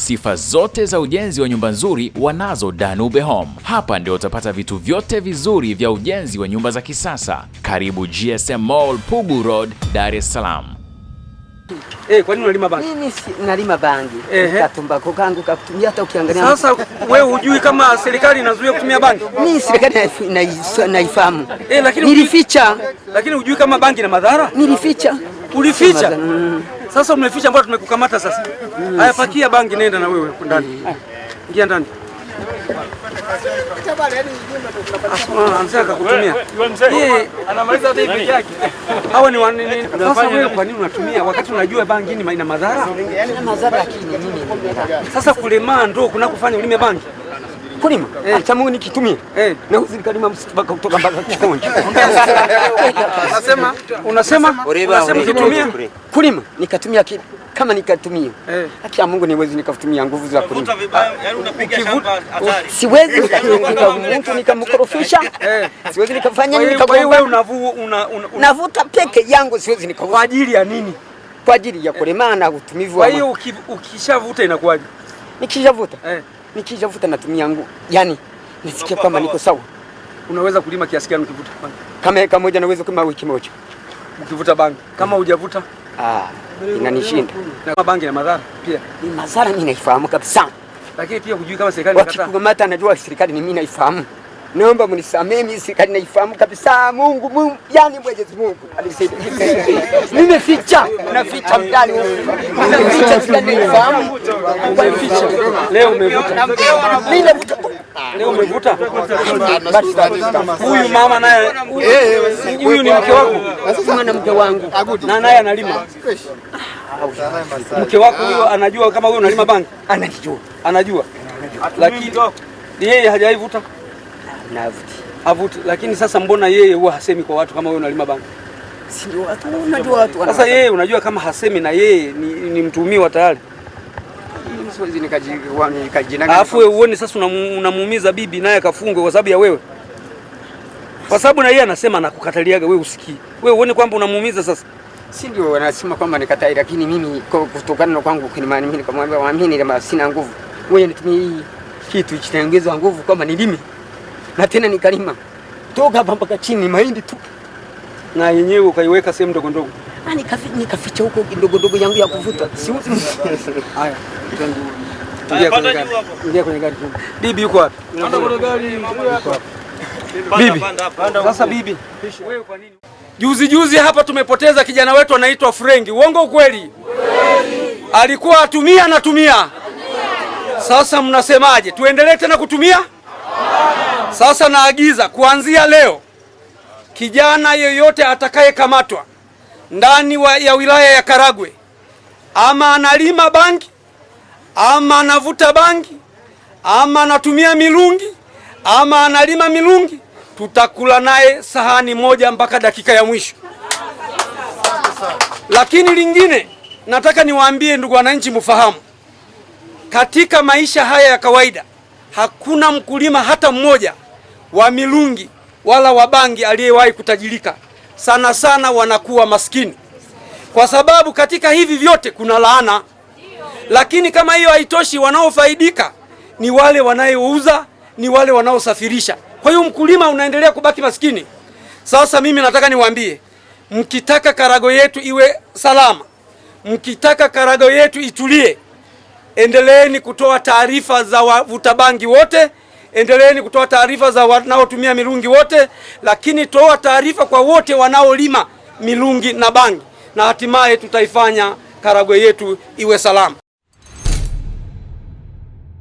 Sifa zote za ujenzi wa nyumba nzuri wanazo Danube Home. Hapa ndio utapata vitu vyote vizuri vya ujenzi wa nyumba za kisasa. Karibu GSM Mall, Pugu Road, Dar es Salaam. Eh, kwa nini unalima bangi? Mimi si nalima bangi. Katumba kokangu kakutumia hata ukiangalia. Sasa wewe hujui kama serikali inazuia kutumia bangi? Mimi serikali naifahamu. Eh, lakini nilificha. Lakini hujui kama bangi na madhara? Nilificha. Ulificha? Mm. Sasa umeficha ambao tumekukamata sasa. Haya, pakia bangi, nenda na wewe ndani, ingia ndani. Ah, Kakutumia hawa ni wanini? Sasa wewe kwa nini unatumia wakati unajua bangi ina madhara? Yaani, sasa kulemaa ndo kunakufanya ulime bangi? kulima chamuni kitumie na uzikalima msitu baka kutoka mpaka kikonje. Unasema unasema kitumie kulima, nikatumia kama nikatumia haki ya Mungu niwezi nikatumia nguvu za kulima, ah, yaani siwezi yaani nikatunga mtu nikamkorofisha, siwezi nikafanya nini, kwa hiyo nikagomba. Navuta peke yangu, siwezi nikavuta. Kwa ajili ya nini? Kwa ajili ya kulima na utumivu wa. Kwa hiyo ukishavuta inakuwaje? Nikishavuta Nikishavuta natumia nguvu. Yaani nasikia kwamba niko sawa. Unaweza kulima kiasi gani ukivuta bangi? Kama eka moja naweza kama wiki moja. Ukivuta bangi. Kama mm. hujavuta ah, inanishinda. Na kama bangi na madhara pia. Ni madhara mimi naifahamu kabisa. Lakini pia hujui kama serikali inakataa. Wakikukamata anajua serikali ni mimi naifahamu. Naomba mnisamehe, mimi sikali naifahamu kabisa. Mungu Mungu, yani Mwenyezi Mungu nimeficha, ficha mdani, naficha sikali naifahamu, naficha. Leo umevuta, mimi navuta, leo umevuta. Huyu mama naye, huyu ni mke wako? Sasa mwana mke wangu, na naye analima. Mke wako huyo anajua kama wewe unalima bangi? Anajua, anajua, lakini yeye hajaivuta na avuti. Avuti, lakini sasa mbona yeye huwa hasemi kwa watu kama wewe unalima bangi? Si ndio watu unajua watu. Sasa yeye unajua kama hasemi na yeye ni, ni mtuhumiwa tayari. Siwezi nikajinanga. Alafu wewe uone sasa unamuumiza bibi naye akafungwe kwa sababu ya wewe. Kwa sababu na yeye anasema anakukataliaga wewe usikii. Wewe uone kwamba unamuumiza sasa. Si ndio wanasema kwamba nikatai, lakini mimi kutokana na kwangu mimi nikamwambia waamini, kama sina nguvu. Wewe nitumie hii kitu ichitengezwa nguvu kama nilime na tena ni kalima toka hapa mpaka chini, mahindi tu na yenyewe ukaiweka sehemu ndogo ndogo. Ah, nikaficha huko ndogo ndogo yangu ya kuvuta, siuzi. Haya, ingia kwenye gari. Bibi yuko wapi? Bibi, sasa bibi, juzi juzi hapa tumepoteza kijana wetu anaitwa Frengi. Uongo ukweli? Alikuwa atumia anatumia. Sasa mnasemaje, tuendelee tena kutumia? Sasa naagiza kuanzia leo kijana yeyote atakayekamatwa ndani ya wilaya ya Karagwe, ama analima bangi ama anavuta bangi ama anatumia milungi ama analima milungi, tutakula naye sahani moja mpaka dakika ya mwisho. Lakini lingine nataka niwaambie ndugu wananchi, mfahamu katika maisha haya ya kawaida hakuna mkulima hata mmoja wa mirungi wala wabangi aliyewahi kutajirika, sana sana wanakuwa maskini, kwa sababu katika hivi vyote kuna laana. Lakini kama hiyo haitoshi, wanaofaidika ni wale wanayouza, ni wale wanaosafirisha. Kwa hiyo mkulima unaendelea kubaki maskini. Sasa mimi nataka niwaambie, mkitaka karago yetu iwe salama, mkitaka karago yetu itulie, endeleeni kutoa taarifa za wavuta bangi wote endeleeni kutoa taarifa za wanaotumia mirungi wote, lakini toa taarifa kwa wote wanaolima mirungi na bangi, na hatimaye tutaifanya Karagwe yetu iwe salama.